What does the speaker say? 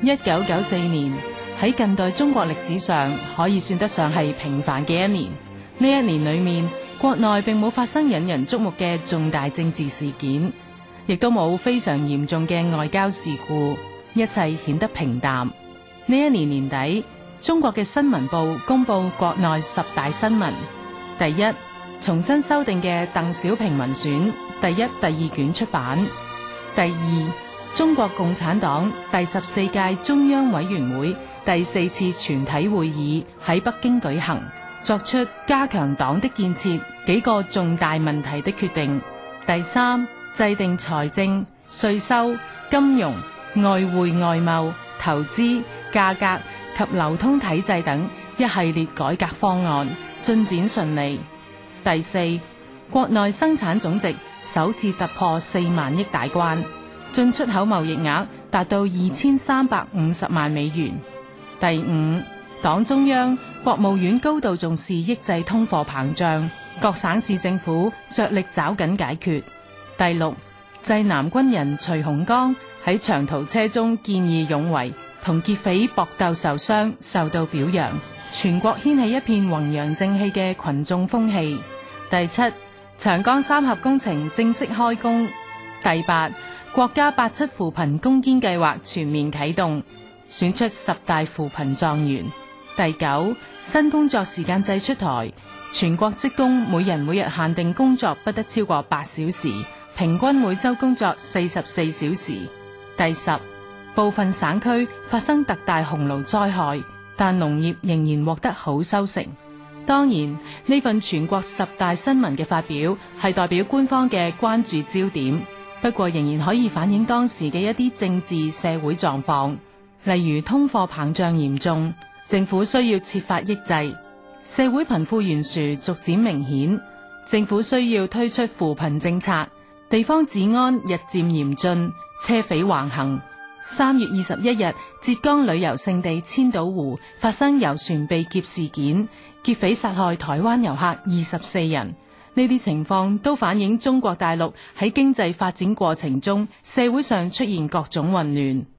一九九四年喺近代中國歷史上可以算得上係平凡嘅一年。呢一年裏面，國內並冇發生引人矚目嘅重大政治事件，亦都冇非常嚴重嘅外交事故，一切顯得平淡。呢一年年底，中國嘅新聞部公布國內十大新聞：第一，重新修訂嘅鄧小平文選第一、第二卷出版；第二，中國共產黨第十四屆中央委員會第四次全體會議喺北京舉行，作出加強黨的建設幾個重大問題的決定。第三，制定財政、稅收、金融、外匯、外貿、投資、價格及流通體制等一系列改革方案，進展順利。第四，國內生產總值首次突破四萬億大關。進出口貿易額達到二千三百五十萬美元。第五，黨中央、國務院高度重視抑制通貨膨脹，各省市政府着力找緊解決。第六，濟南軍人徐洪剛喺長途車中見義勇為，同劫匪搏鬥受傷，受到表揚。全國掀起一片弘揚正氣嘅群眾風氣。第七，長江三峽工程正式開工。第八。國家八七扶貧攻堅計劃全面啟動，選出十大扶貧狀元。第九，新工作時間制出台，全國職工每人每日限定工作不得超過八小時，平均每周工作四十四小時。第十，部分省區發生特大洪澇災害，但農業仍然獲得好收成。當然，呢份全國十大新聞嘅發表係代表官方嘅關注焦點。不過仍然可以反映當時嘅一啲政治社會狀況，例如通貨膨脹嚴重，政府需要設法抑制；社會貧富懸殊逐漸明顯，政府需要推出扶貧政策；地方治安日漸嚴峻，車匪橫行。三月二十一日，浙江旅遊勝地千島湖發生遊船被劫事件，劫匪殺害台灣遊客二十四人。呢啲情況都反映中國大陸喺經濟發展過程中，社會上出現各種混亂。